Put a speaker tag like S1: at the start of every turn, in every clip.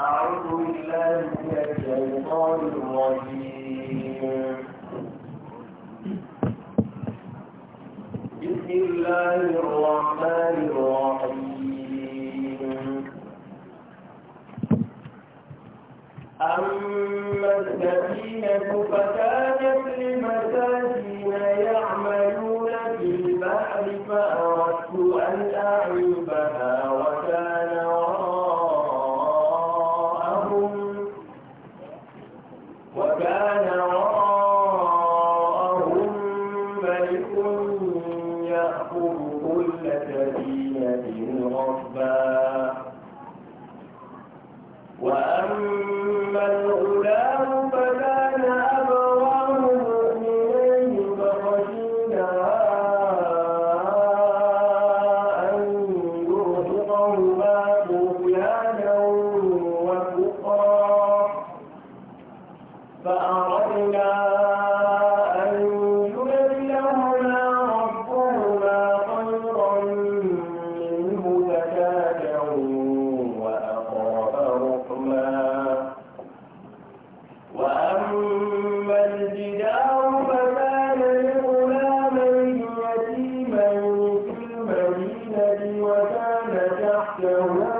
S1: أعوذ بالله من الشيطان الرجيم بسم الله الرحمن الرحيم أما الذين فكانت لمساكين يعملون في البحر فأردت أن أعلم لهم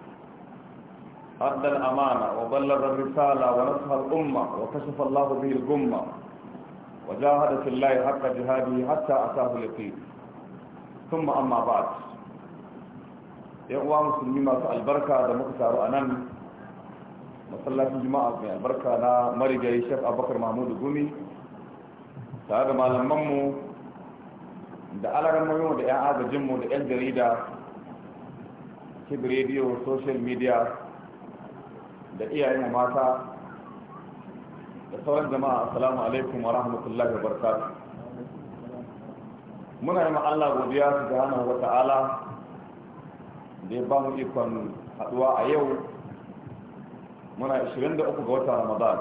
S2: أدى الأمانة وبلغ الرسالة ونصح الأمة وكشف الله به الغمة وجاهد في الله حق جهاده حتى أتاه اليقين ثم أما بعد يقوى مسلمين مساء البركة هذا مكتار أنم مسلاة جماعة من البركة أنا مرجعي الشيخ أبو بكر محمود قومي تعالى ما لممو da alaran mayu da 'yan agajinmu da 'yan jarida cikin rediyo social media da iyayen mata da sauran jama'a assalamu alaikum wa rahmatullahi wa barakatuh muna yi Allah godiya su ga hana wa ta'ala da ya ba mu ikon haduwa a yau muna 23 ga wata ramadan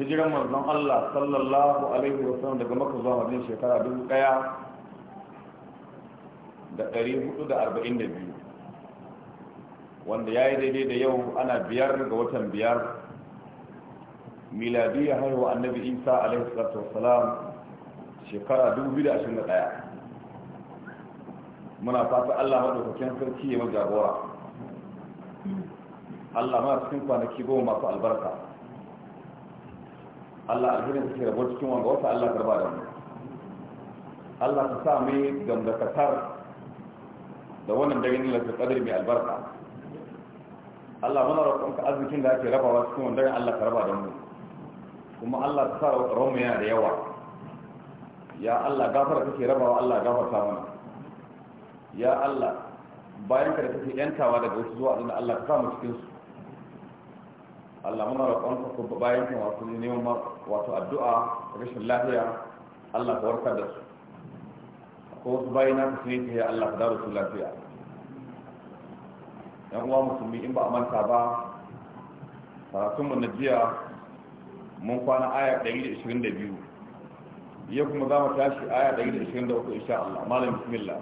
S2: hijiran manzon Allah sallallahu alaihi wa sallam daga maka zuwa madina shekara dubu daya da 442 wanda ya yi daidai da yau ana biyar ga watan biyar miladiyya haihuwa annabi isa alaihi salatu wassalam shekara 2021 muna fata allah maɗaukakin sarki ya majagora allah ma cikin kwanaki goma masu albarka allah alhirin suke rabuwa cikin wanga wata allah karba da mu allah ta sa mai gamdakatar da wannan dangin lantarki mai albarka Allah muna roƙonka arzikin da ake rabawa cikin wanda Allah ka raba da mu kuma Allah ka sa roƙonmu yana da yawa ya Allah gafara kake rabawa Allah gafarta mana ya Allah bayan ka kake yantawa daga wasu zuwa da Allah ka sa mu cikin su Allah muna roƙonka ku bayan ka wato neman wato addu'a rashin lafiya Allah ka warkar da su ko su bayan ka sun yi Allah ka dawo su lafiya yan uwa musulmi in ba a manta ba mu na jiya mun kwana aya 122 yau kuma za mu tashi aya 123 insha Allah malam bismillah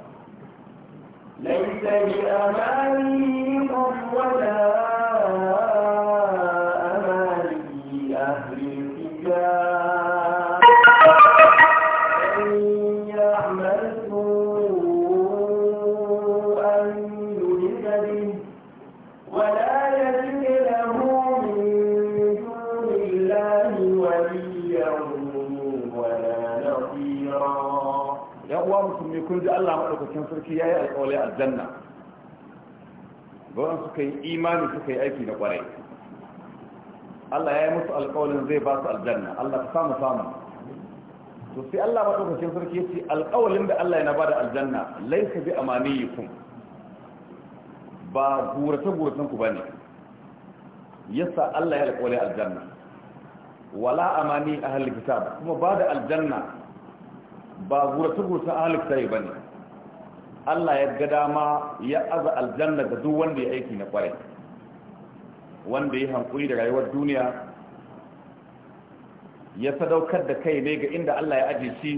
S1: ليس بأمانيكم ولا
S2: kun ji Allah madaukakin sarki ya yayi alƙawari aljanna gauran suka yi imani suka yi aiki na ƙwarai. Allah ya yi musu alƙawalin zai ba su aljanna Allah ka samu samu to sai Allah madaukakin sarki ya ce alƙawalin da Allah ya ba da aljanna laysa bi amaniyikum ba gurace guracen ku bane yasa Allah ya alƙawari aljanna wala amani ahli kitab kuma ba da aljanna ba gurta-gurta ahalik sai ba ne Allah ya ga dama ya aza aljanna ga duk wanda ya aiki na kwarai wanda ya hankuri da rayuwar duniya ya sadaukar da kai ne ga inda Allah ya aji shi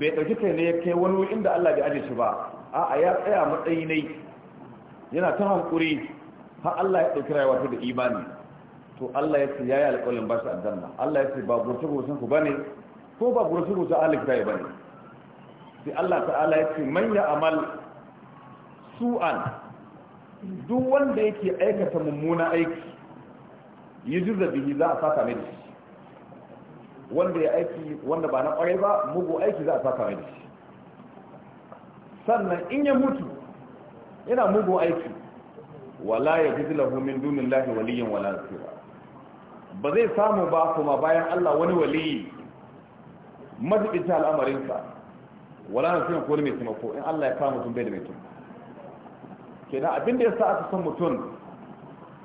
S2: bai ɗauki kai ne ya kai wani inda Allah bai aji shi ba a ya tsaya matsayi ne yana ta hankuri Ha Allah ya ɗauki rayuwa ta da imani to Allah ya ce ya yi alƙalin ba shi aljanna Allah ya ce ba gurce-gurcen ku ba ne ko ba gura sun ta alif dai bane sai Allah ta'ala ya ce man ya amal su'an duk wanda yake aikata mummuna aiki yujza bihi za a saka mai shi wanda ya aiki wanda ba na kwarai ba mugu aiki za a saka mai shi sannan in ya mutu yana mugu aiki wala ya jizu lahu min dunillahi lahi waliyin wala nasira ba zai samu ba kuma bayan Allah wani waliyi al'amarin al'amarinsa wala na suna kone mai taimako in Allah ya kawo mutum bai da mai tun kenan abin da ya sa aka san mutum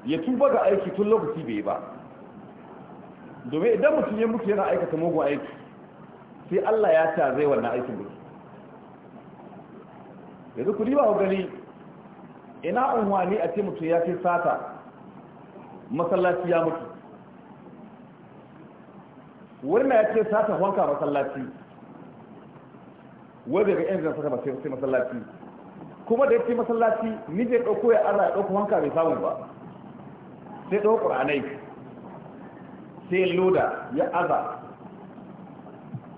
S2: ya tuba ga aiki tun lokaci bai ba domin idan mutum ya mutu yana aikata mugun aiki sai Allah ya ta zai wannan aikin da yanzu ku riba gani ina unwani a ce mutum ya kai sata masallaci ya mutu wannan ya ce sata wanka masallaci wanda ga yanzu sata sai masallaci kuma da yake masallaci ni zai ɗauko ya Allah ya ɗauko wanka bai samu ba sai ɗauko ƙuranai sai loda ya aza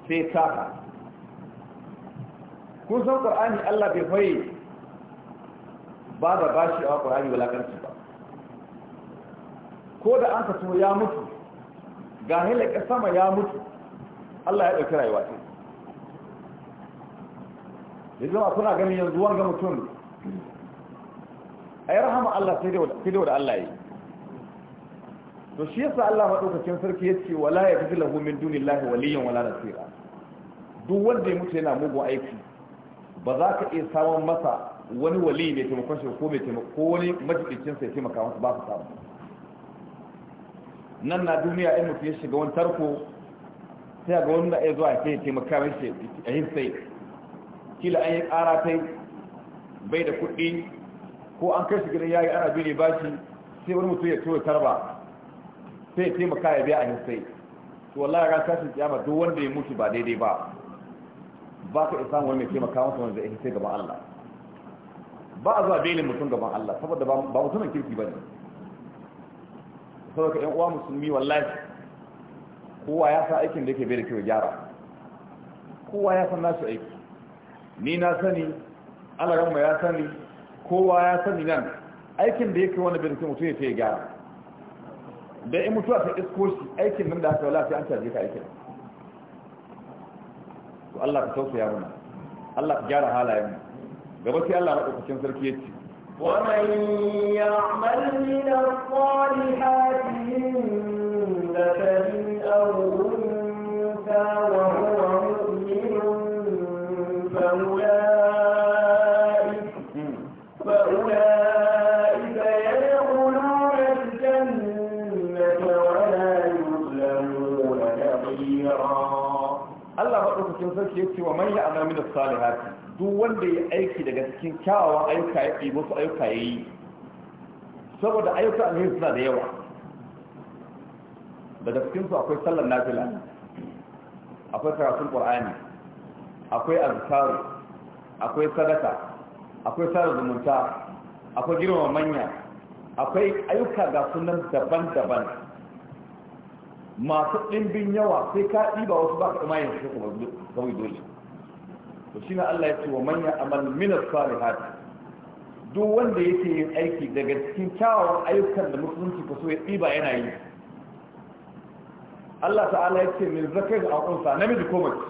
S2: sai taka kun san qur'ani Allah bai fayi ba da bashi a qur'ani wala ba ko da an ka ya mutu ga halaka sama ya mutu Allah ya ɗauki rayuwa ce ya zama kuna ganin yanzu wanga mutum a yi rahama Allah sai dai da Allah yi to shi yasa Allah maɗaukacin sarki ya ce wala ya fi lahu min duni lahi waliyan wala nasira duk wanda ya mutu yana mugun aiki ba za ka iya samun masa wani wali mai taimakon shi ko mai taimako wani majiɗicinsa ya taimaka masa ba su samu nan na duniya in mutu ya shiga wani tarko sai ga wani na zuwa ke taimaka mai a yin sai kila an yi kara ta bai da kuɗi ko an kai shi gidan yayi ana bi ne ba shi sai wani mutu ya tura tarba sai ya taimaka ya biya a yin sai to wallahi ran tashin kiyama duk wanda ya mutu ba daidai ba ba ka isa wani mai taimaka masa wanda ya sai gaban Allah ba a zuwa belin mutum gaban Allah saboda ba mutumin kirki ba ne saboda yan uwa musulmi wallahi kowa ya san aikin da yake bai da kyau gyara kowa ya san nasu aiki ni na sani alaran ya sani kowa ya sani nan aikin da yake wani bai da kyau mutum ya fiye ya gyara da in mutuwa ta isko shi aikin nan da aka wala sai an caje ka aikin to Allah ka tausaya mana Allah ka gyara halayen mu gaba sai Allah cikin sarki ya ce
S1: ومن يعمل من الصالحات من ذكر أو أنثى وهو مؤمن فأولئك, فأولئك يدخلون الجنة ولا يظلمون نظيرا الله أكبر ومن يعمل من
S2: الصالحات duk wanda ya aiki daga cikin kyawawan ayyuka ya ɗi masu ayyuka ya yi saboda ayyuka suna da yawa daga cikinsu akwai sallar nafila akwai karatun ƙwar'ani akwai azkaru akwai sadaka akwai sarar zumunta akwai girma manya akwai ayyuka ga sunan daban-daban masu ɗimbin yawa sai ka ɗiba wasu ba ka ɗima yin su kuma kawai dole to shi ne Allah ya ce wa manya amal min as-salihat duk wanda yake yin aiki daga cikin kyawawan ayyukan da musulunci ko so ya ɗiba yana yi Allah ta'ala ya ce min zakai da unsa namiji ko mace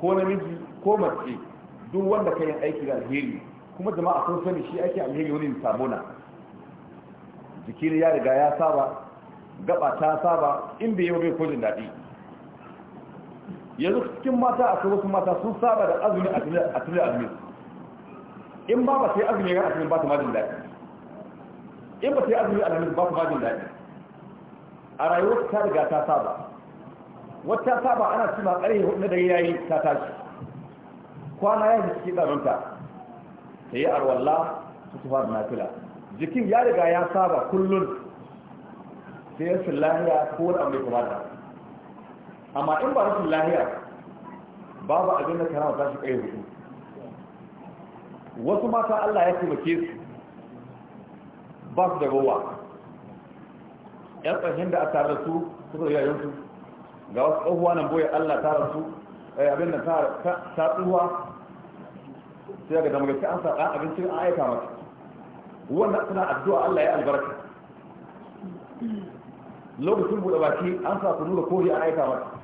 S2: ko namiji ko mace duk wanda ka yin aiki da alheri kuma jama'a sun sani shi ake alheri wani sabona jiki ya riga ya saba gaba ta saba inda yau bai kojin daɗi yanzu cikin mata a wasu mata sun saba da azumi a tunan azumi in ba ba sai azumi ya azumi ba ta majin daɗi in ba sai azumi alhamis ba ta majin daɗi a rayuwar ta riga ta saba wata saba ana suna ƙarfe hudu da yayi ta tashi kwana ya fi cikin ɗarunta ta yi arwalla su fara da nafila jikin ya riga ya saba kullum sai yin shi ko wani abu ya kuma da amma in ba rashin lahiya babu abin da karama ta shi kai hudu wasu mata Allah ya taimake su ba su da ruwa yan tsarshen da a tare su su da ga wasu tsohuwa nan boye Allah ta rasu eh, abin da ta tsuwa sai ga damar an sa ɗan abincin an aika mata wannan suna addu'a Allah ya albarka lokacin buɗe baki an sa kunu da kori an aika mata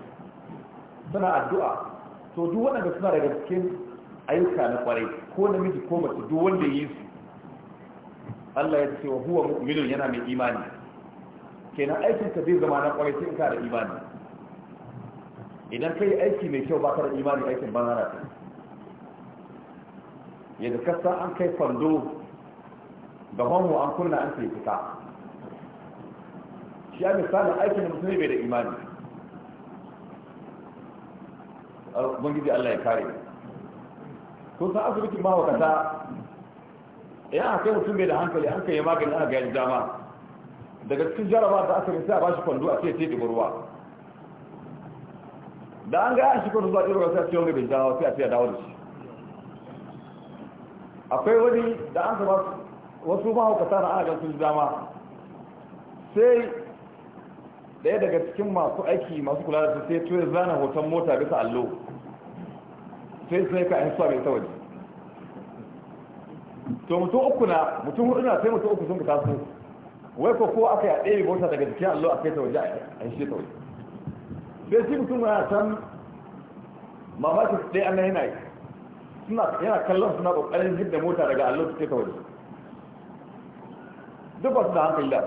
S2: suna addu'a to duk waɗanda suna daga cikin ayyuka na kwarai ko namiji ko mace duk wanda yi su Allah ya ce wa huwa mu'minun yana mai imani kenan aikin ka zai zama na kwarai sai ka da imani idan kai aiki mai kyau ba ka da imani aikin ban hana ka yadda kasa an kai kwando da hannu an kunna an sai fita shi ya misali aikin da mutum bai da imani ubangiji Allah ya kare kun san ba wakata ya aka kai mutum bai da hankali an kai magani aka gani dama daga cikin jaraba da aka rinsa ba shi kwando a ce ce da ruwa da an gaya shi kwando zuwa ɗin ruwa sai a ce wani bai jawo a ce a dawo da shi akwai wani da an saba wasu mahaukata na ana sun dama sai daya daga cikin masu aiki masu kula da su sai tuwe zana hoton mota bisa allo sai sai yi ka a suwa mai waje. to mutum uku na mutum hudu na sai mutum uku sun fita su wai ko ko aka yaɗe ɗaya bauta daga jikin allo a kai ta waje a yi shi ta waje sai shi mutum na san mamakin su ɗaya an yana yi suna yana kallon suna ƙoƙarin hidda mota daga allo su kai ta waje duk ba su da hankali da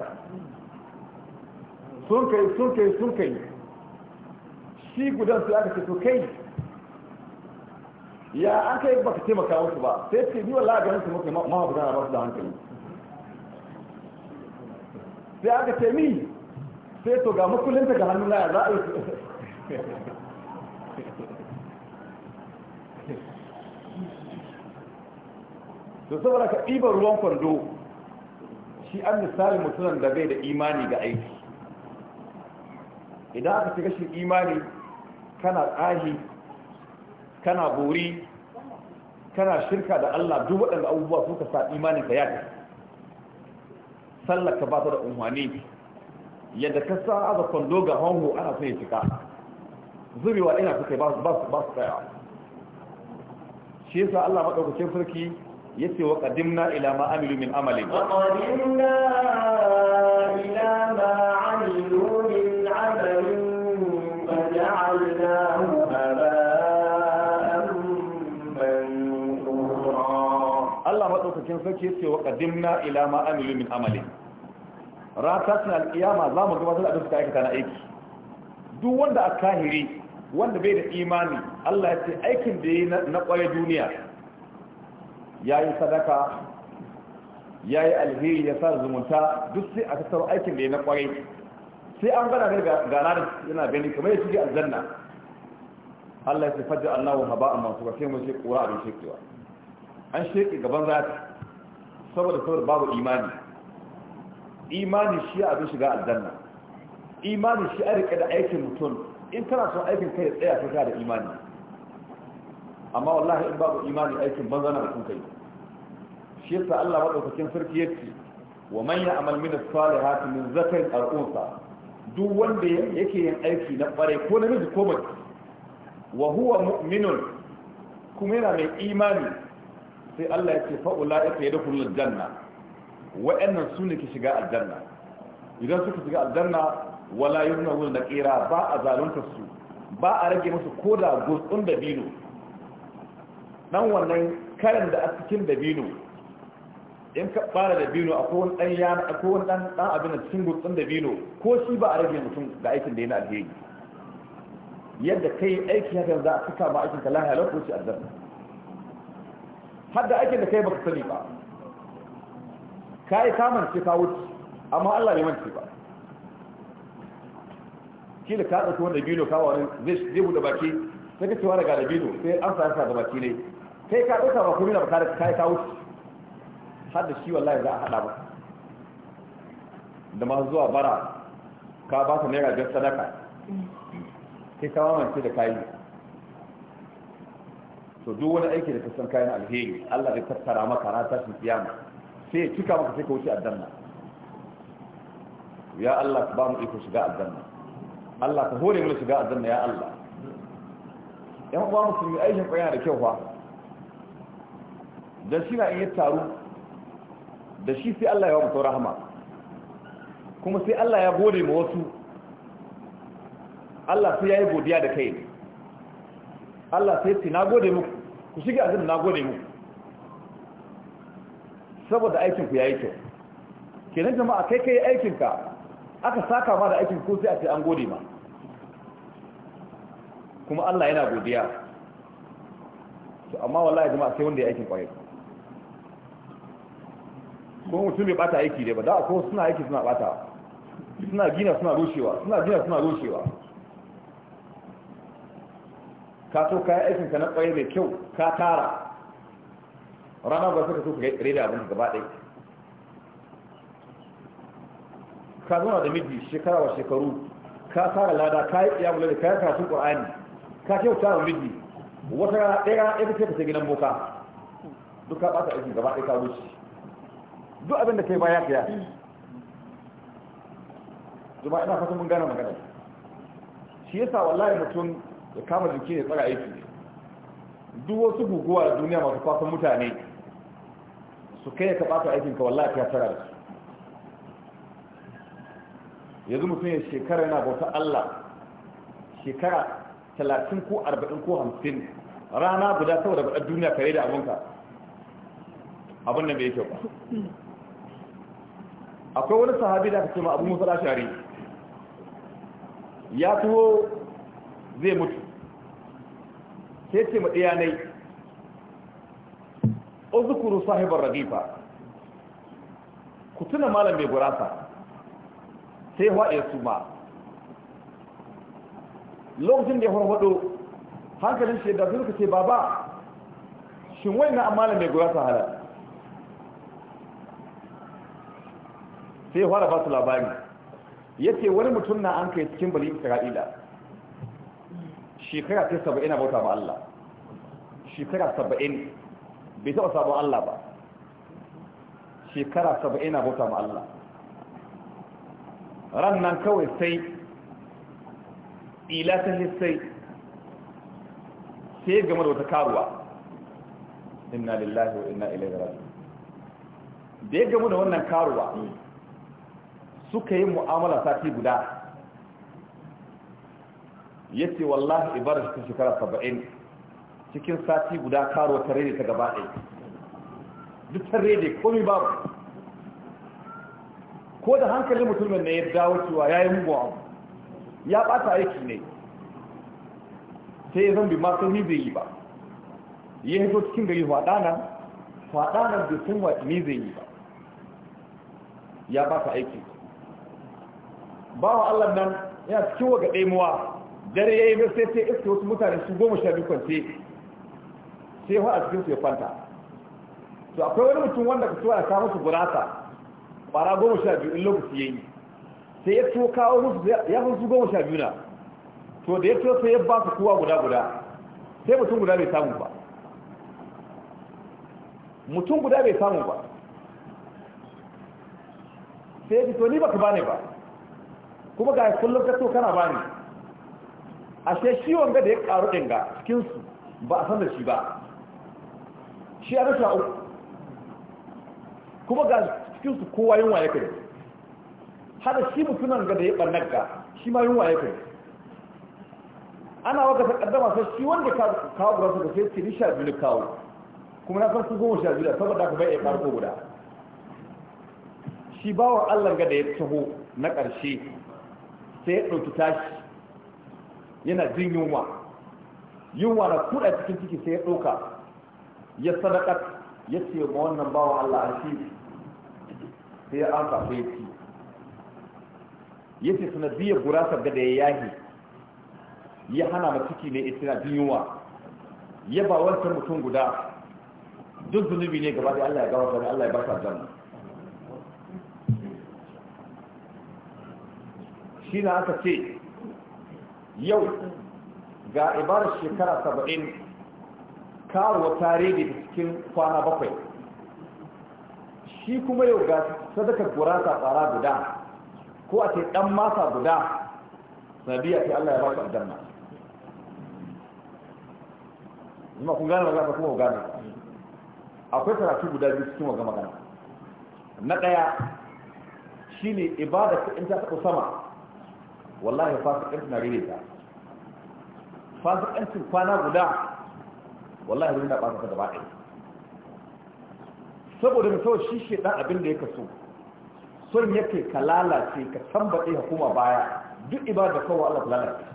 S1: sun kai sun kai
S2: sun kai shi gudan su aka ce to kai ya an kai baka taimaka musu ba sai ce ni wallahi ga su muke ma ba ba su da hankali sai aka ce mi sai to ga ta ga hannun na za a yi to saboda ka ɗiban ruwan kwando shi an misali mutumin da bai da imani ga aiki idan aka shiga shi imani kana tsahi kana bori kana shirka da Allah duk waɗanda abubuwa suka sa imanin ka ya ta sallar ka ba ta da umarni yadda ka sa aza kwando ga hango ana son ya zubewa ina suka ba su tsaya shi yasa Allah maɗaukacin sarki ya ce wa ƙadimna ila ma amilu min amalin ila
S1: ma amilu min amalin ba ja'alna madaukakin sarki yace wa qadimna
S2: ila ma amilu min amalin ratatul alqiyama za mu gabatar da abin da aikata na aiki duk wanda a kahiri wanda bai da imani Allah ya ce aikin da ya yi na kwaye duniya ya yi sadaka ya yi alheri ya sa zumunta duk sai a tattaro aikin da yi na kwaye sai an gana gana da yana gani kamar ya shige aljanna Allah ya ce Fajar allahu haba haba'an masu ba sai mun shi kura abin shekewa an sheke gaban zata saboda saboda babu imani imani shi abin shiga aljanna imani shi a rike da aikin mutum in tana son aikin kai tsaya sai ka da imani amma wallahi in babu imani aikin banza na mutum kai shi yasa Allah madaukakin sarki yace wa man ya'mal min as-salihati min zakarin aw unsa duk wanda yake yin aiki na bare ko miji ko mace wa huwa mu'minun kuma yana mai imani sai Allah ya ce ya dafa nuna janna wa'annan ne ke shiga aljanna idan suka shiga aljanna wala yi na naqira ba a zalunta su ba a rage musu da gutsun dabino dan wannan karin da a cikin dabino in ka fara dabino akwai wani dan yana a kowane dan dan abin da cikin gutsun dabino ko shi ba a rage mutum ga aikin da yana alheri yadda kai aiki hakan za a cika ma aikin ka lahiya shi aljanna har da aikin da kai baka sani ba kai kamar ce ka wuce amma Allah ne mance ba shi da ka dauki wanda bilo kawo wani zai zai bude baki sai ka cewa daga da bilo sai an sa sa da baki ne kai ka dauka ba kuma ba ka kai ka wuce har da shi wallahi za a hada ba da masu zuwa bara ka ba ta naira biyar sadaka kai ka mamance da kayi to duk wani aiki da ka kayan alheri Allah zai tattara maka na tashin kiyama sai ya cika maka sai ka wuce aljanna ya Allah ka ba mu iko shiga aljanna Allah ka hore mu shiga aljanna ya Allah yan uwa musulmi aikin kwaya da kyau fa dan shi na iya taru da shi sai Allah ya wa mutum rahama kuma sai Allah ya gode ma wasu Allah sai ya yi godiya da kai ne Allah sai ce na gode muku ku shiga azumi na gode muku saboda aikin ku yayi kyau kenan jama'a kai kai aikin ka aka saka ma da aikin ku sai a ce an gode ma kuma Allah yana godiya to amma wallahi jama'a sai wanda ya aikin kwaye ko mutum bai bata aiki dai ba da ko suna aiki suna bata suna gina suna rushewa suna gina suna rushewa ka so ka yi aikinka na kwaye mai kyau ka tara rana ba suka so ka yi da abin gaba ɗaya ka zauna da miji shekara wa shekaru ka tara lada ka yi iya mulai ka yi karatun ƙwa'ani ka kyauta wa miji wata ɗaya ya fi ta gidan boka duk ka ɓata aikin gaba ɗaya ka wuce duk abin da kai baya ka yi zuma ina fata mun gane magana shi yasa wallahi mutum ya kama jiki ne tsara aiki ne duk wasu guguwa da duniya masu fasan mutane su kai ka ɓata aikinka wallahi ya tara da su yanzu mutum ya shekara yana bauta Allah shekara talatin ko arba'in ko hamsin rana guda saboda bada duniya kare da abinka abin nan bai kyau akwai wani sahabi da aka ce ma abu musa ya tuho zai mutu sai ce ma ɗiyanai uzukuru sahibar ragifa ku tuna malam mai gurasa sai haɗe su ma lokacin da ya farfado hankalin shi da suka ce baba shin wai na amalin mai gurasa halar sai ya fara ba su labari ya ce wani mutum na an kai cikin balin isra'ila shekara ta saba'in bauta ba Allah shekara saba'in bai taɓa sabon Allah ba shekara saba'in bauta ba Allah rannan kawai sai ila ta hissai sai game da wata karuwa inna lillahi wa inna ilaihi raji'un da ya gamu da wannan karuwa suka yi mu'amala sati guda ya ce wallahi ibarar cikin shekara saba'in cikin sati guda karo ta rede ta gaba ɗaya duk ta rede komi babu ko da hankalin mutumin ne ya dawo cewa ya yi mugu abu ya ɓata aiki ne sai ya zambi ma sun zai yi ba ya hito cikin gari faɗanan faɗanan bai sun wa ni zai yi ba ya ɓata aiki wa allah nan yana cikin waga ɗaimuwa dare ya yi ba sai sai iska wasu mutane su goma sha biyu kwance sai yawa a cikinsu ya kwanta to akwai wani mutum wanda ka tuwa ya samu su gurasa bara goma sha biyu in lokaci ya yi sai ya tuwa kawo musu ya fi su goma sha biyu na to da ya tuwa sai ya ba su kowa guda guda sai mutum guda bai samu ba mutum guda bai samu ba sai ya ce to ni ka bane ba kuma ga kullum ka to kana bani sai shi wanga da ya karu ɗin ga cikin ba a san da shi ba shi a rasha uku kuma ga cikinsu kowa yunwa ya kai hada shi mutunan ga da ya bannar ga shi ma yunwa ya kai ana waka ta kaddama sai shi wanda ka kawo su da sai ce ni sha biyu kawo kuma na san su goma sha biyu saboda ka bai ya farko guda shi bawa allah ga da ya taho na ƙarshe sai ya ɗauki tashi yana jin yunwa yunwa na kuɗa cikin ciki sai ya ɗauka ya sadakat ya ce ma wannan bawa Allah shi sai ya amsa sai ya ci ya ce gurasa ga da ya yahi ya hana ma ciki ne ita jin yunwa ya ba wancan mutum guda duk zunubi ne gaba da Allah ya gawa gani Allah ya ba sa shi na aka ce yau ga ibarar shekara saba'in karuwa tare da cikin kwana bakwai shi kuma yau ga sadakar gurasa tsara guda ko a ce ɗan masa guda sabiya ce Allah ya ba su aljanna zama kun gane magana kuma gane akwai karatu guda biyu cikin waga magana na ɗaya shine ibada ta in ta sama wallahi fasikin na rere ta su kwana guda wallahi rere na su ka gaba ɗaya saboda mutuwa shi shi ɗan abin da ya kasu. son yake ka lalace ka tambaɗe hukuma baya duk da kawo Allah ta lalace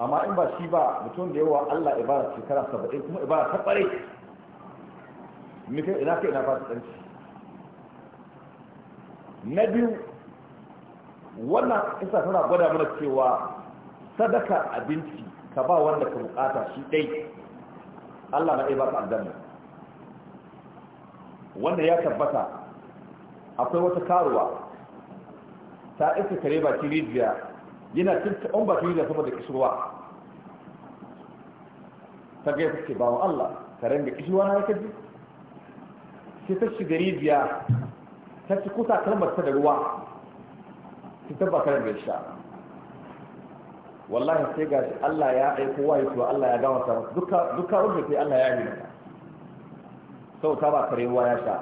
S2: amma in ba shi ba mutum da yawa Allah ibada shekara saba'in kuma ibada ta ɓare mika ina ka ina fasikanci na biyu wannan isa tana gwada mana cewa sadaka abinci ka ba wanda ka bukata shi dai Allah na ba ka aljanna wanda ya tabbata akwai wata karuwa ta isa kare baki rijiya yana cin ta'on baki rijiya da kishirwa ta gaya suke ba wa Allah karen da kishirwa na yake ji sai ta shiga rijiya ta ci kusa kalmar ta da ruwa cutar ba karin shi sha wallahi sai ga shi Allah ya aiko wa yake Allah ya gama sa duka duka wanda sai Allah ya yi maka sau ta ba kare ya sha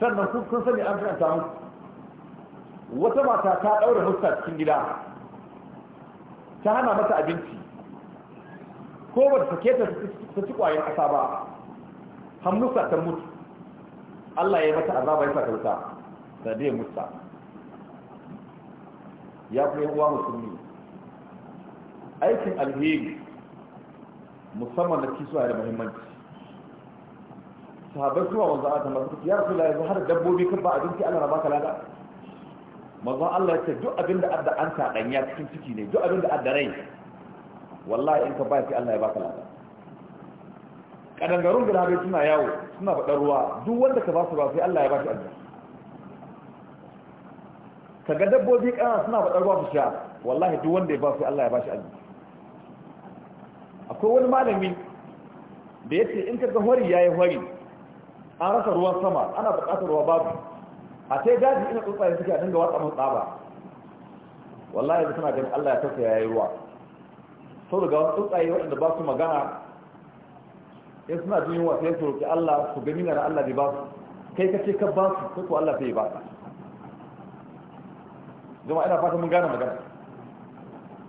S2: sannan kun kun sani an karanta muku wata mata ta daura huska cikin gida ta hana mata abinci ko ba ta sake ta ci kwayan kasa ba hamnusa ta mutu Allah ya yi mata azaba ya sa ta wuta da dai mutu ya fi uwa musulmi aikin alheri musamman da kisuwa da muhimmanci sahabbai suwa wanzu a tamar suka ya rasu la yanzu har dabbobi kan ba abinci allah na baka lada mazan allah ya ce duk abin da adda an taɗanya cikin ciki ne duk abin da adda rai wallahi in ka ba ki allah ya baka lada kadangarun da rabe suna yawo suna faɗar ruwa duk wanda ka ba su ba sai allah ya ba shi aljanna kaga dabbobi kana suna ba su sha wallahi duk wanda ya ba su Allah ya ba shi aji. akwai wani malami da ya ce in ka ga hori ya yi hori an rasa ruwan sama ana buƙatar ruwa babu a sai daji ina tsuntsaye suke a dinga watsa mun tsaba wallahi da suna ganin Allah ya tafi ya yi ruwa sau daga wasu tsuntsaye waɗanda ba su magana in suna jin yunwa sai su roƙi Allah su gani na Allah bai ba su kai ka ce ka ba su sai ko Allah bai ba ka jama'a ina fata mun gane magana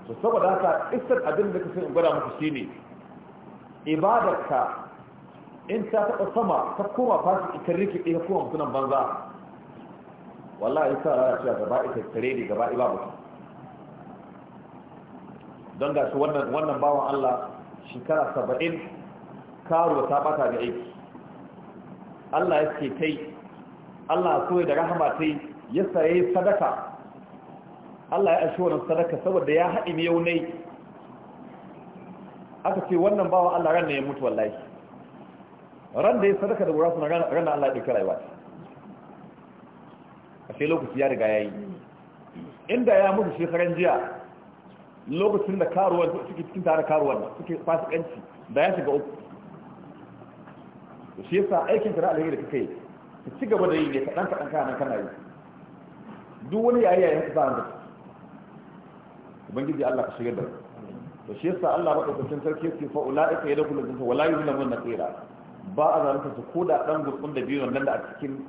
S2: to saboda haka isar abin da kake in gwada maka shine ibadarka in ta taba sama ta koma fasu ita rike ɗaya kuma sunan banza wallahi sa ya cewa gaba ita tare ne gaba iba mutum don gashi wannan wannan bawan Allah shekara saba'in karo ta bata da aiki Allah ya ce kai Allah so da rahama ta yi ya saye sadaka Allah ya ashe wannan sadaka saboda ya haɗi ne yaunai aka ce wannan bawa Allah ran ne ya mutu wallahi ran da ya sadaka da gurasu ran da Allah ya ɗauki rayuwa a ce lokaci ya riga ya yi inda ya mutu shekaran jiya lokacin da karuwan suke cikin tare karuwan suke fasikanci da ya shiga uku shi yasa aikin ka da alheri da kake yi ka ci gaba da yi ne kaɗan kaɗan kana kana yi duk wani yayi yayin ka sa ubangiji Allah ka shigar da mu to shi yasa Allah madaukakin sarki yake fa ulaika yadkhuluna jannata wala yuzlamuna naqira ba a zalunta su ko da dan gutsun da biyu nan da a cikin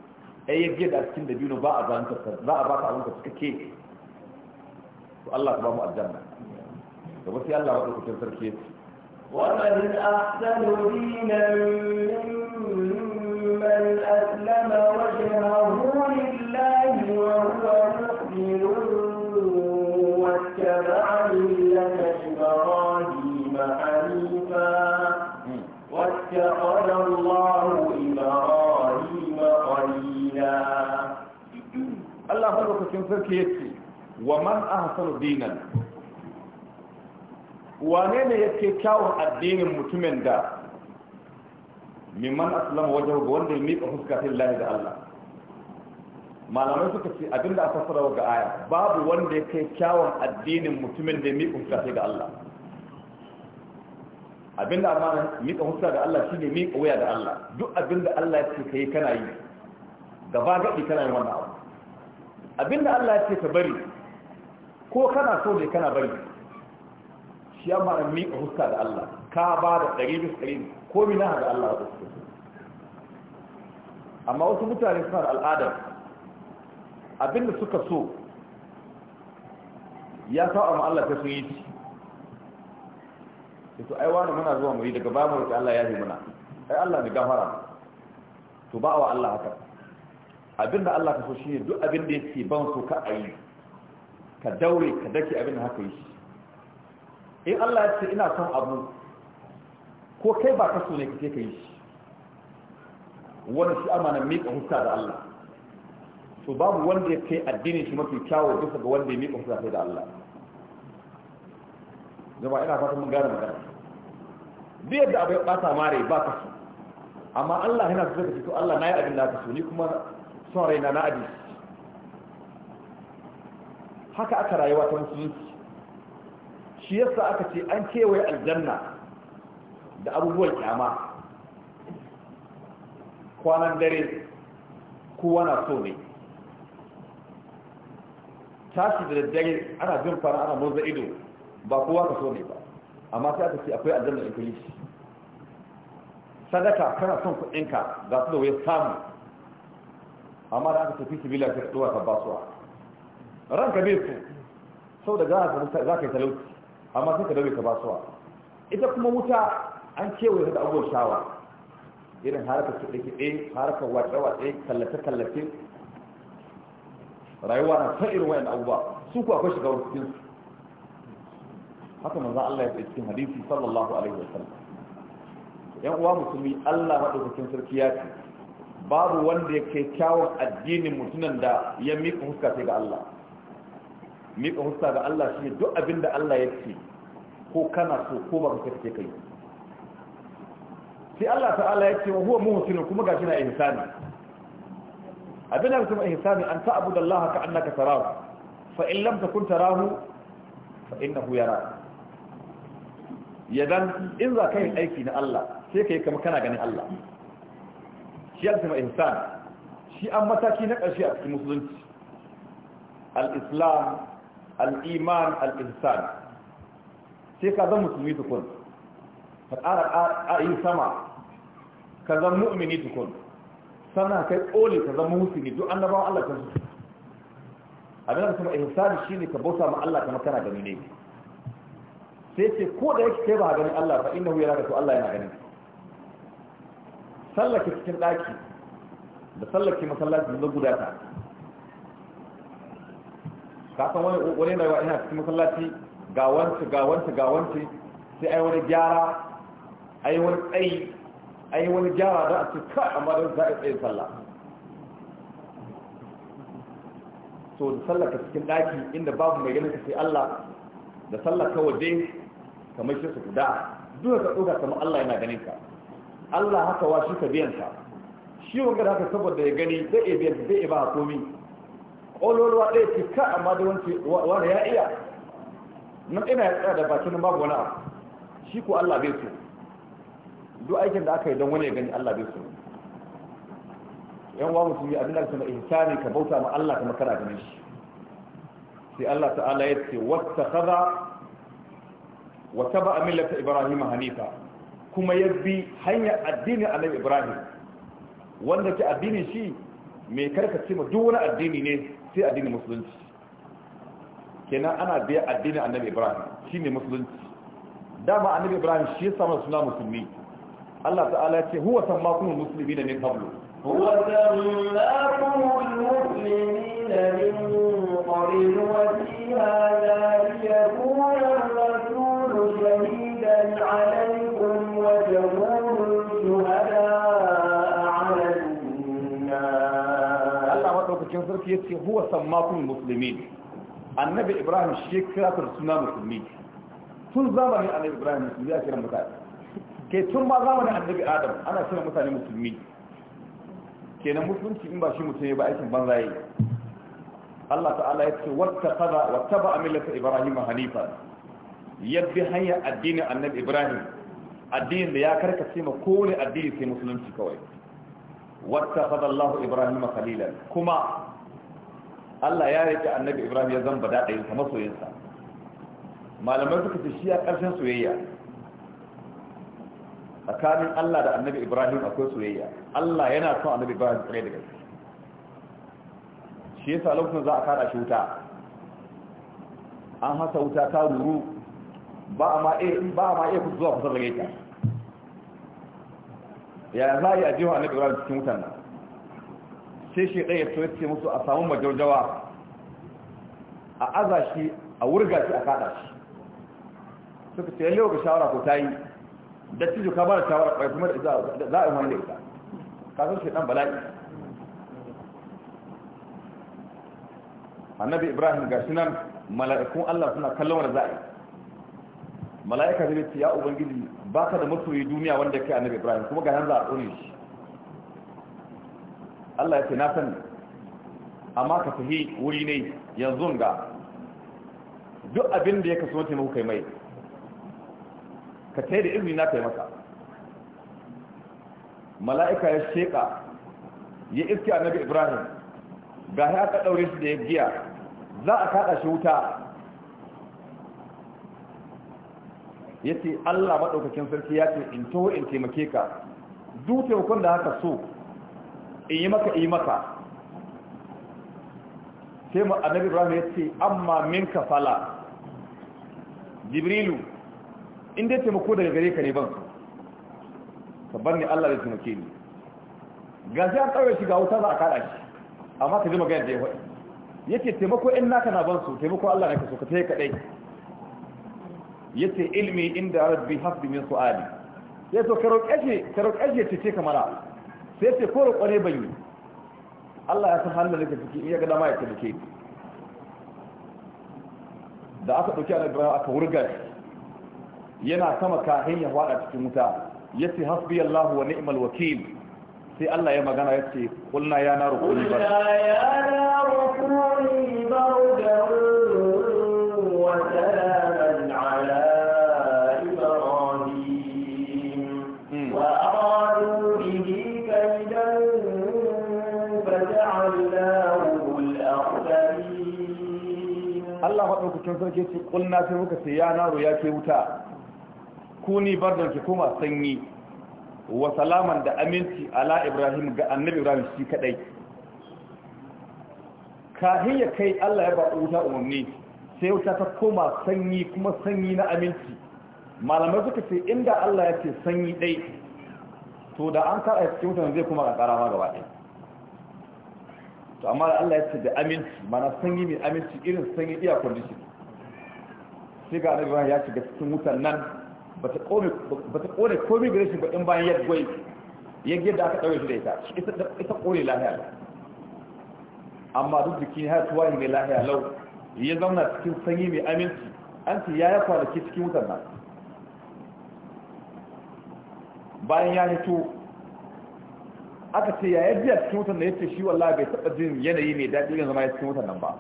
S2: ayyage da a cikin da biyu ba a zalunta su za a ba ka abin ka cikakke to Allah ka ba mu aljanna to sai Allah madaukakin sarki yake
S1: ومن أحسن دينا ممن أسلم وجهه لله وهو مؤمن sarki ya ce
S2: wa man ahsanu dinan wane ne yake kyawun addinin mutumin da mimman aslama wajen ga wanda ya miƙa fuska ta lillahi da Allah malamai suka ce abinda aka wa ga aya babu wanda ya kai kyawun addinin mutumin da ya miƙa fuska ta ga Allah abinda amma miƙa fuska ga Allah shine miƙa waya da Allah duk abinda Allah ya ce kai kana yi gaba gadi kana yin wannan abu abinda Allah ya ce ka bari ko kana so ne kana bari shi ya mara miƙa huska da Allah ka ba da ɗari bis ɗari ko mina da Allah ya amma wasu mutane suna da al'adar abinda suka so ya sa'a ma Allah ta sun yi ci sai to ai wani muna zuwa muri daga ba mu roƙi Allah ya yi muna ai Allah ne gafara to ba wa Allah haka abin da Allah ka so shine duk abin da yake ban so ka ayi ka daure ka dake abin da haka yi in Allah ya ce ina son abu ko kai ba ka so ne kake ka yi shi wannan shi amana miƙa hutta da Allah to babu wanda ya kai addinin shi mafi kyawu bisa ga wanda ya miƙa hutta da Allah jama'a ina fatan mun gane magana duk yadda abu ya bata mare ba ka so amma Allah yana so ka to Allah na yi abin da ka so ni kuma son raina na abin haka aka rayuwa ta musulunci shi yasa aka ce an kewaye aljanna da abubuwan kyama kwanan dare kowa na so ne tashi da daddare ana jin fara ana murza ido ba kowa ka so ne ba amma sai aka ce akwai aljanna in kulishi sadaka kana son kuɗinka ga su da wuyar samu amma da aka tafi su bila ka tsuwa ta basuwa ranka bai su sau da za ka yi talauci amma sai ka daure ka basuwa ita kuma wuta an kewaye da Abuwar shawa irin harkar su ɗake ɗaya harkar wace-wace, kallace-kallace rayuwa na ta irin wayan abubuwa su kuwa akwai shiga cikin su haka manzan Allah ya fi cikin hadisi sallallahu alaihi wasallam yan uwa musulmi Allah maɗaukakin sarki ya ce babu wanda ya kai kyawun addinin mutunan da ya miƙa huska sai ga Allah miƙa huska ga Allah shi ne duk abin da Allah ya ce ko kana so ko ba ka kake kai sai Allah ta'ala ya ce wa huwa muhsinun kuma gashi na ihsani abin da kuma ihsani an ta'budu Allah ka annaka tarahu fa in lam takun tarahu fa innahu yara yadan in za ka yi aiki na Allah sai kai kama kana ganin Allah shi aka ma shi an mataki na ƙarshe a cikin musulunci al-islam al-iman sai ka zama musulmi tukun ka ƙara ƙa'ayi sama ka zama mu'mini tukun sana kai ƙoli ka zama musulmi duk annabawan Allah kan su abin da kuma ihsani shine ka bauta ma Allah kama kana gani ne sai ce ko da yake kai ba ganin Allah ba, fa innahu da su Allah yana ganin sallake cikin ɗaki da sallake masallaci da gudata ka san wani wani na ina cikin masallaci ga wanci ga wanci ga wanci sai ai wani gyara ai wani tsayi ai wani gyara da a ce ka amma da za a tsaye sallah to da sallaka cikin ɗaki inda babu mai ganin sai Allah da sallaka waje kamar shi su guda duka ka tsoka kamar Allah yana ganin ka Allah haka wa shi ka biyan sa shi wanga da haka saboda ya gani zai iya biyan zai iya ba komi ƙololuwa ɗaya ce ka amma da wani ya iya nan ina ya tsaya da bakin babu wani abu shi ko Allah bai so duk aikin da aka yi don wani ya gani Allah bai so yan wa musulmi abin da kuma ihsani ka bauta ma Allah kuma kana ganin shi sai Allah ta'ala ya ce wattakhadha wa taba'a millata Ibrahim hanifa kuma ya bi hanyar addinin annabi ibrahim wanda ke addinin shi mai karkace ma duk wani addini ne sai addinin musulunci kenan ana biya addinin annabi ibrahim shi ne musulunci dama annabi ibrahim shi ya samu suna musulmi Allah ta'ala ya ce huwa Musulmi muslimina min qablu
S1: huwa sammakumul muslimina min qablu wa fi hadha liyakun ɗauki ya ce huwa sammakun
S2: musulmi annabi ibrahim shi kira ta suna musulmi tun zamanin annabi ibrahim musulmi a kiran mutane ke tun ma zamanin annabi adam ana kiran mutane musulmi kenan musulunci in ba shi mutum ya ba aikin banza yi Allah ta'ala ya ce wata kaza wata ba amilata ibrahim hanifa yadda hanyar addinin annabi ibrahim addinin da ya karkace ma kowane addini sai musulunci kawai wata kaza Allah ibrahim khalilan kuma Allah ya rike annabi Ibrahim ya zamba da ɗayin kamar soyayya malamai suka ce shi a ƙarshen soyayya tsakanin Allah da annabi Ibrahim akwai soyayya Allah yana son annabi Ibrahim tsaye da gaske shi yasa lokacin za a kada shi wuta an hasa wuta ta ruru ba a ma iya kusa zuwa kusa da gaita ya za a yi ajiyar annabi Ibrahim cikin wutan nan sai shi ɗaya ya ce musu a samu majaljawa a aza shi a wurga shi a kada shi suka ce lewa ga shawara ko ta yi da cijo ka da shawara ƙwai kuma za a yi wani da ita ka shi ɗan bala'i annabi ibrahim ga shi nan mala'ikun allah suna kallon wanda za a yi mala'ika zai ce ya ubangiji ba ka da masoyi duniya wanda kai annabi ibrahim kuma ga nan za a tsone shi Allah ya ce na sani amma ka fahi wuri ne yanzu ga duk abin da ya kaso taimako kai mai ka tsaye da izini na kai masa mala'ika ya sheka ya iske annabi ibrahim ga ya ka daure shi da ya giya za a kaɗa shi wuta ya ce allah maɗaukakin sarki ya ce in taho in taimake ka duk taimakon da haka so in yi maka in yi maka sai mu annabi ibrahim ya ce amma min ka fala jibrilu in dai taimako daga gare ka ne ban ka ban ne allah da taimake ni ga sai an ɗaure shi ga wuta za a kaɗa shi amma ka ji magana da ya faɗi yace taimako in naka na ban su taimako allah na ka so ka kaɗai ya ce ilmi inda rabbi hafi min su'ali yato ka roƙe shi ka roƙe shi ce kamara. sai ce ko roƙo ban yi Allah ya san halin da nake ciki in ya ga dama ya tabbake ni da aka ɗauki annabi Ibrahim aka wurgar yana sama kahin ya fada cikin wuta yace hasbi Allah wa ni'mal wakil sai Allah ya magana yace kulna ya naru kuni bara
S1: ya naru kuni
S2: cikin sarki ce kulna sai muka ce ya naro ya ke wuta kuni bardan ki koma sanyi wa salaman da aminci ala ibrahim ga annabi ibrahim shi kadai kafin ya kai Allah ya ba wuta umarni sai wuta ta koma sanyi kuma sanyi na aminci malamai suka ce inda Allah ya ce sanyi dai to da an kara cikin wutan zai kuma ƙara ma gaba ɗaya to amma Allah ya ce da aminci mana sanyi mai aminci irin sanyi iya condition sai ga annabi ya shiga cikin wutan nan ba ta kone komi gare shi ba in bayan yadda gwai yadda da aka ɗaure shi da ita ita kone lahiya lau amma duk jiki har tuwa ne lahiya lau ya zauna cikin sanyi mai aminci an ce ya yi kwanaki cikin wutan nan bayan ya hito aka ce ya yadda cikin wutan nan ya ce shi wallah bai taɓa jin yanayi mai daɗi ga zama ya cikin wutan nan ba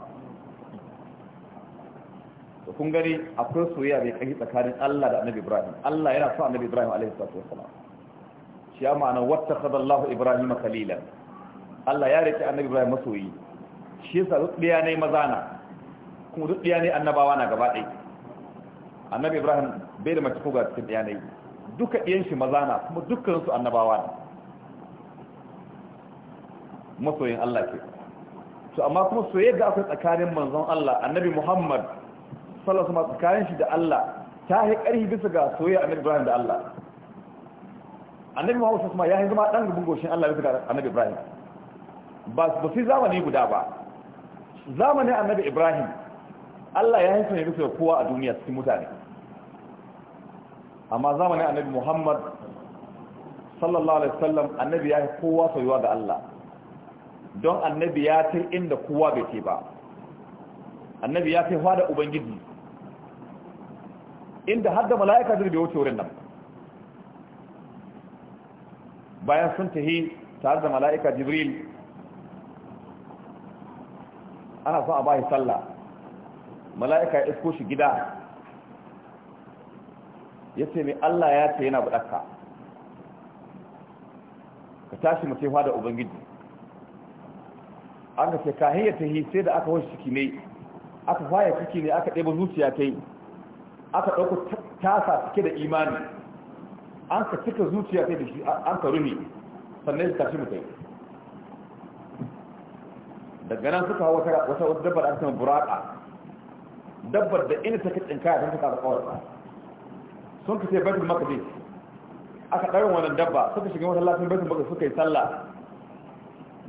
S2: kun gani akwai soyayya mai kai tsakanin Allah da Annabi Ibrahim Allah yana so Annabi Ibrahim alaihi salatu wasalam shi ya ma'ana wattakhadha Allahu Ibrahim khalilan Allah ya rike Annabi Ibrahim masoyi shi yasa duk diya ne mazana kuma duk diya ne annabawa na gaba ɗaya Annabi Ibrahim bai da mace ko ga cikin diya ne duka diyan shi mazana kuma dukkan su annabawa ne masoyin Allah ke to amma kuma soyayya da akwai tsakanin manzon Allah Annabi Muhammad sallallahu alaihi tsakanin shi da Allah ta yi ƙarfi bisa ga soyayya annabi Ibrahim da Allah annabi Muhammad sallallahu alaihi ya yi zama dan gungoshin Allah bisa ga annabi Ibrahim ba su fi zamani guda ba zamanin annabi Ibrahim Allah ya yi sunan bisa kowa a duniya cikin mutane amma zamanin annabi Muhammad sallallahu alaihi wasallam annabi ya yi kowa soyuwa ga Allah don annabi ya ta inda kowa bai ce ba annabi ya kai hwa da ubangiji inda hadda mala'ika zai bai wuce wurin nan bayan sun tahi tare da mala'ika jibril ana son a bashi sallah mala'ika ya isko shi gida ya ce mai allah ya ce yana buɗaka ka tashi mutewa da ubangiji an ka ce kahin ya tahi sai da aka wasu ciki ne aka faya ciki ne aka ɗaya zuciya ta yi aka ɗauko tasa cike da imani an ka cika zuciya sai da shi an ka rumi sannan ya tashi mutai daga nan suka hawa wata wata dabbar an san buraka dabbar da ina ta kitsin kaya don ta kara kawar sun ka sai baitul maqdis aka ɗarin wannan dabba suka shiga wata lafin baitul maqdis suka yi sallah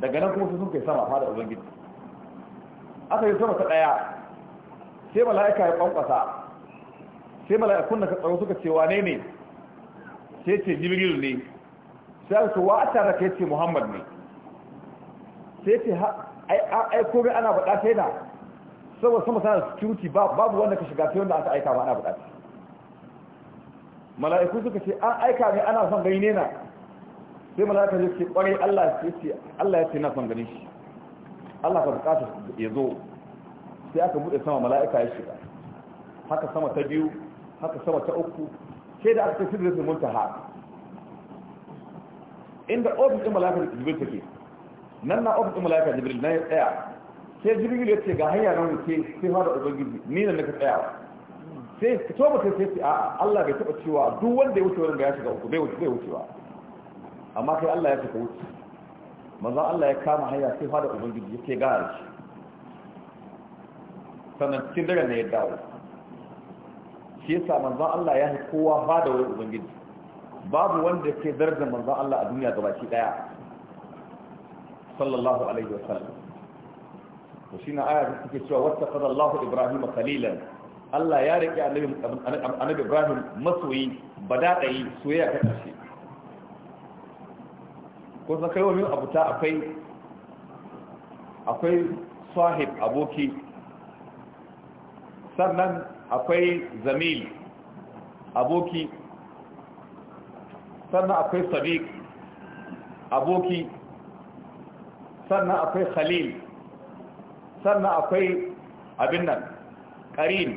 S2: daga nan kuma sun kai sama fada ubangiji aka yi sama ta ɗaya sai mala'ika ya kwankwasa sai mala'ikun da tsaro suka ce wane ne sai ce jibril ne sai aka ce wa a tare ka yace muhammad ne sai ce ai ko ga ana faɗa sai da saboda sama sana security babu wanda ka shiga sai wanda aka aika ba ana faɗa mala'iku suka ce an aika ne ana son gani ne na sai mala'ika ya ce kwarai Allah ya ce Allah ya ce na son gani shi Allah ka bukata ya zo sai aka bude sama mala'ika ya shiga haka sama ta biyu haka sama ta uku sai da aka kai sidrat muntaha inda ofis din malaka jibril take nan na ofis din malaka jibril na ya tsaya sai jibril ya ce ga hanya nan ke sai da ubangiji ni ne naka tsaya sai ka toba sai sai a Allah bai taba cewa duk wanda ya wuce wurin da ya shiga uku bai wuce bai wucewa amma kai Allah ya ce wuce manzo Allah ya kama hanya sai da ubangiji yake ga shi sannan cikin dare ne ya dawo shi yasa manzon Allah ya kowa ba da wani ubangiji babu wanda ke darajar manzon Allah a duniya gabaki daya sallallahu alaihi wasallam to shi na aya take cewa wattaqada Allahu Ibrahim khalilan Allah ya rike annabi annabi Ibrahim masoyi badadai soyayya ta karshe ko sa kai wani abu ta akwai akwai sahib aboki sannan akwai zamil aboki sannan akwai sadiq aboki sannan akwai khalil sannan akwai abin nan ƙarin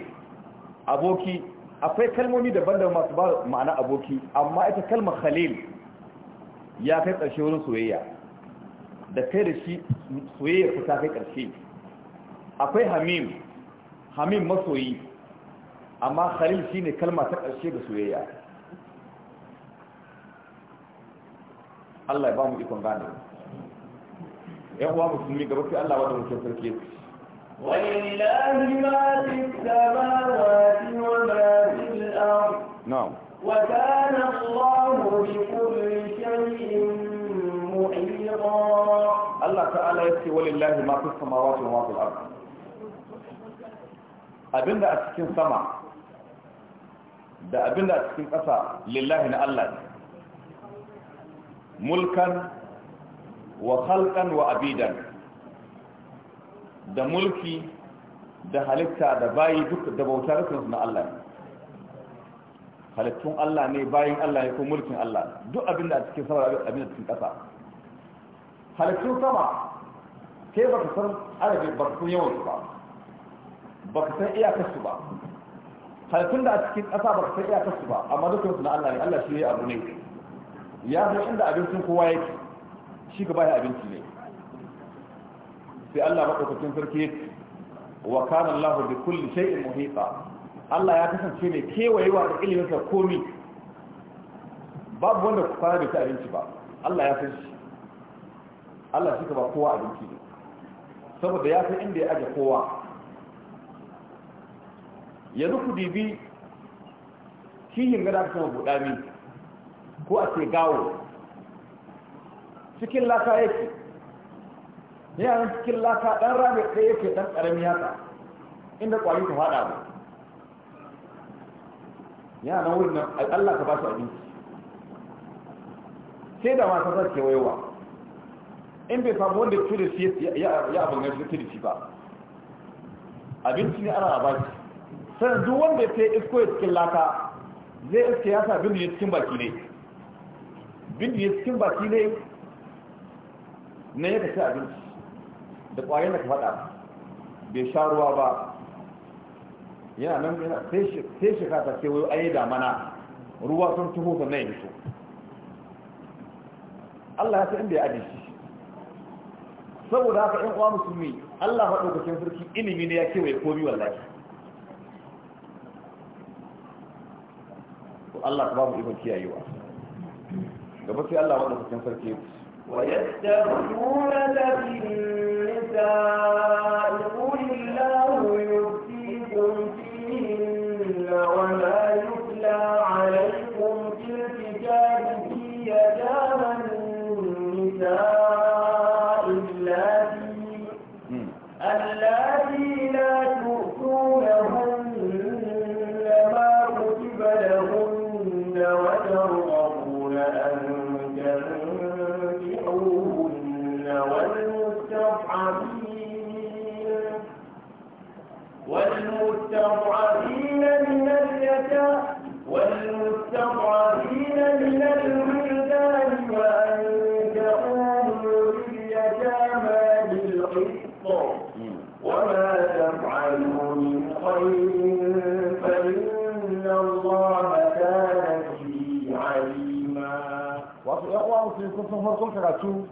S2: aboki akwai kalmomi daban-daban masu ba ma'ana aboki amma ita kalmar khalil ya kai ƙarshe wurin soyayya da kai da shi soyayya ta kai ƙarshe akwai hamim hamim masoyi amma khalil shine kalma ta ƙarshe da soyayya Allah ya ba mu ikon gane ya uwa musulmi gaba sai Allah wanda mutum sarki yake
S1: ولله ما في السماوات وما في الأرض نعم وكان الله بكل شيء محيطا الله تعالى
S2: يقول ولله ما في السماوات وما في الأرض abinda a cikin sama da abin da cikin ƙasa lillahi na Allah ne mulkan wa halkan wa abidan da mulki da halitta da bayi duk da bauta rikinsu na Allah ne halittun Allah ne bayin Allah ne ko mulkin Allah duk abin da cikin sama da abin da cikin ƙasa halittun sama kai baka san arabi baka san yawansu su ba baka san iyakarsu ba halittun da a cikin ƙasa ba ta iya kasu ba amma dukkan su na Allah ne Allah shi ya abu ne ya san inda abincin kowa yake shi gaba ya abinci ne sai Allah maɗaukakin sarki ya ce wa kana Allah bi kulli shay'in muhita Allah ya kasance mai kewayewa da ilimin sa komi babu wanda ku fara da abinci ba Allah ya san shi Allah shi ka ba kowa abinci ne saboda ya san inda ya aje kowa yanzu ku dibi kihin gada ka sama buɗami ko a ce gawo cikin laka yake yaran cikin laka ɗan rami ɗaya yake ɗan ƙarami haka inda ƙwari ta faɗa ba na wurin nan Allah ka ba su abinci sai da masu ke waiwa. in bai samu wanda ya abin gashi da shi ba abinci ne ana a baki sannan duk wanda ya ta isko ya cikin laka zai iske ya sa bindi ya cikin baki ne bindi ya cikin baki ne na yaka kaci abinci da ƙwayen da ka faɗa bai sha ruwa ba yana nan yana sai shi kasa ce wayo ayi damana ruwa sun tuho sannan ya fito Allah ya san inda ya aje shi saboda haka ƴan uwa musulmi Allah faɗo kacin sarki ilimi ne ya kewaye komi wallahi Allah ta ba mu ikon kiyayewa gaba sai Allah wanda kusan sarki ya ce
S1: ويستغفرونك في النساء قل الله kun farkon karatu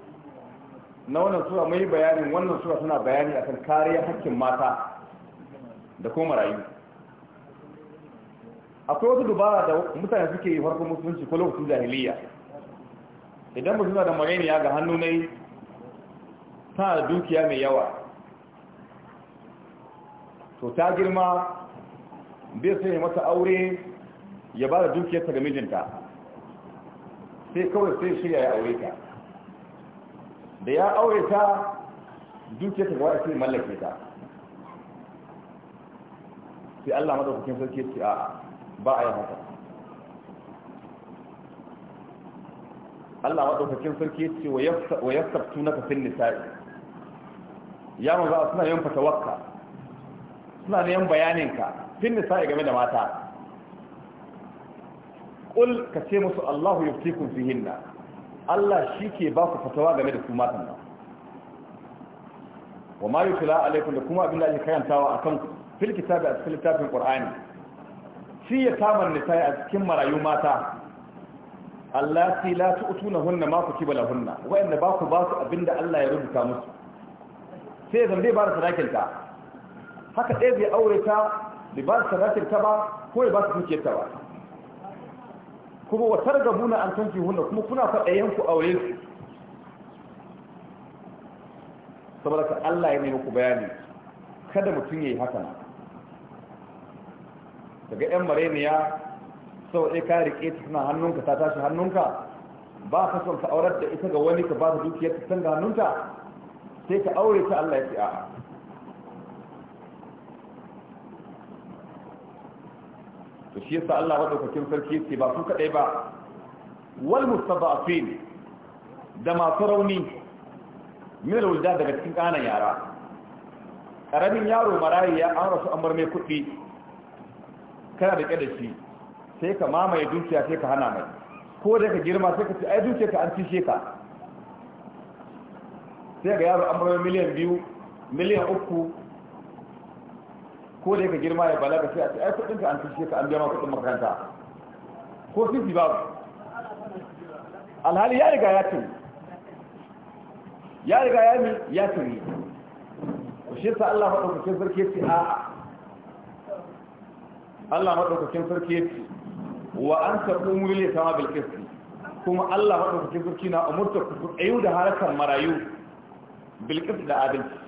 S1: na
S2: wannan sura mai bayanin wannan sura suna bayani akan kariya hakkin mata da kuma marayu akwai wasu dubara da mutane suke yi farkon musulunci ko lokacin jahiliya idan mutum da mareniya ga hannu ne tana da dukiya mai yawa to ta girma bai sai mata aure ya ba da dukiyarta ga mijinta sai kawai sai shirya ya aure ta da ya aure ta duke ta gaba sai mallake ta sai Allah madaukakin sarki ce a ba a yi haka Allah madaukakin sarki ce wa yasabtu na kafin nisa'i ya maza suna yin fatawakka suna neman bayaninka fin nisa'i game da mata kul ka ce musu Allahu yuftikum fihinna Allah shi ke ba ku fatawa game da su matan nan wa ma alaikum da kuma abin da ake a akan ku ta kitabi a cikin littafin ƙur'ani shi ya tamar yi a cikin marayu mata Allah ti la hunna ma kutiba lahunna wa inna ba ku ba su abinda Allah ya rubuta musu sai zan dai ba da sadakin ta haka ɗaya bai aure ta da ba da sadakin ta ba ko bai ba su dukiyar ta ba kuma wa na an tanki hunna kuma kuna faɗayen ku aure su saboda ka Allah ya nemi bayani kada mutum yayi haka daga yan mareniya sau ɗaya ka riƙe ta suna hannunka ta tashi hannunka ba ka son ka aurar da ita ga wani ka ba ta dukiyar ta canza hannunta sai ka aure ta Allah ya fi a'a shi yasa Allah madaukakin sarki yake ba su kadai ba wal mustada'afin da masu rauni min alwulda daga cikin kana yara karamin yaro marayi ya an rasu an bar mai kuɗi kana da kada shi sai ka mamaye dukiya sai ka hana mai ko da ka girma sai ka ce ai dukiya ka an ci ka sai ga yaro an bar miliyan biyu miliyan uku ko da ka girma ya balaga sai a ce ai kudin ka an tushe ka an biya ma kudin makaranta ko sisi ba alhali ya riga ya tuni ya riga ya mi ya tuni shi yasa Allah madaukakin sarki yace a Allah madaukakin sarki yace wa an taqumu lil sama bil qist kuma Allah madaukakin sarki na umurta ku ayu da harakan marayu bil da adalci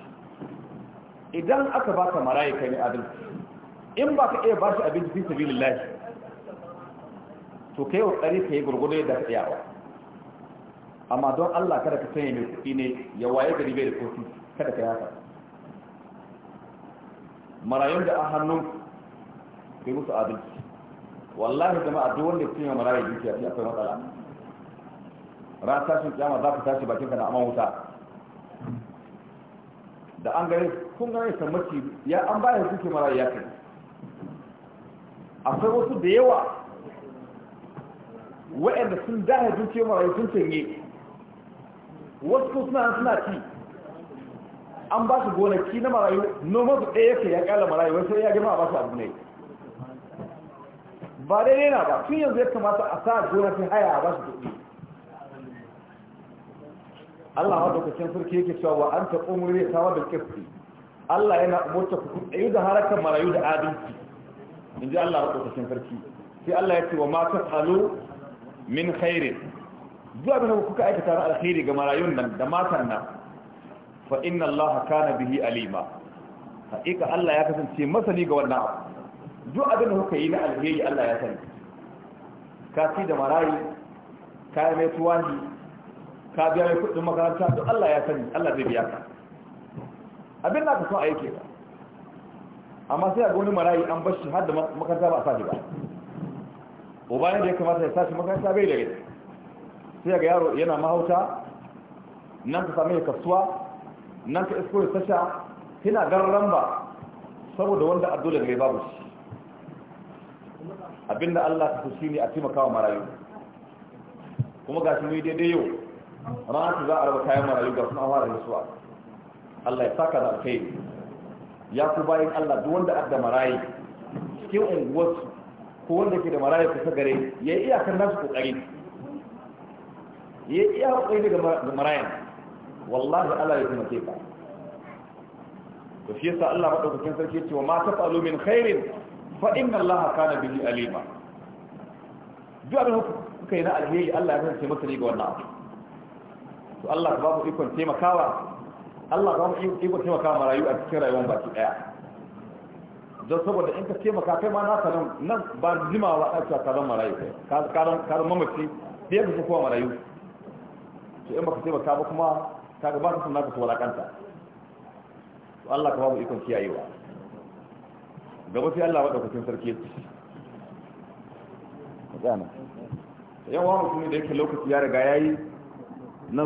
S2: idan aka baka maraye kai ne adalci in ba ka iya ba bashi abinci fi sabilillahi to kai wa tsari ka yi gurgudu da tsayawa amma don Allah kada ka sanya mai kuɗi ne ya waye gari bai da kofi kada ka yaka marayun da a hannun kai musu adalci wallahi jama'a duk wanda ya cinye maraye dukiya sai akwai matsala ran tashin kiyama za ka tashi bakin ka na aman wuta da an gare kun gane sammaci ya an baya suke mara ya kai akwai wasu da yawa wa'anda sun dahe ce mara sun canye wasu ko suna suna ci an ba su gonaki na marayu noma su ɗaya ke ya ƙala marayu wani sai ya gama ba su abu ne ba dai na ba tun yanzu ya kamata a sa gonaki haya a ba su kuɗi Allah ma daukacin sarki yake cewa wa an taɓo ya sama da kirki Allah yana mota ku tsayu da harakar marayu da adalci in ji Allah maɗaukacin sarki sai Allah ya ce wa mata tsalo min khairin zuwa bin kuka aikata na alkhairi ga marayun nan da matan nan fa inna Allah kana bihi alima haƙiƙa Allah ya kasance masani ga wannan abu duk abin da kuka yi na alheri Allah ya sani ka ci da marayu ka yi mai tuwahi ka biya mai kuɗin makaranta duk Allah ya sani Allah zai biya ka abin da ka so a yake amma sai a goni marayi an bar shi har da makaranta ba a sashi ba uba bayan da ya kamata ya sashi makaranta bai da rai sai ga yaro yana mahauta nan ka same kasuwa nan ka isko ya sasha tana garran ba saboda wanda a da bai babu shi abinda Allah ta fushi ne a taimakawa marayu kuma ga shi ne daidai yau ranar za a raba kayan marayu ga sun an fara Allah ya saka da alkhairi ya ku bayan Allah duk wanda adda marayi cikin unguwarsu ko wanda ke da marayi kusa gare ya yi iyakar nasu kokari ya yi iya kokari daga marayan wallahi Allah ya taimake ka to shi yasa Allah madaukakin sarki ya ce wa ma tafalu min khairin fa inna Allah kana bihi alima duk abin kuka yi na alheri Allah ya kasance masa ne ga wannan abu to Allah ka ba mu ikon taimakawa Allah ba mu iko taimaka ma rayu a cikin rayuwar baki daya don saboda in ka taimaka kai ma na sanar nan ba ba a cikin karan marayu kai karan mamaci da ya fi kowa marayu to in baka taimaka ba kuma ka ga ba ka sanar ka su walakanta to Allah ka babu ikon kiyayewa gaba sai Allah wadda kusin sarki yake tsana yawan mutum da yake lokaci ya riga yayi nan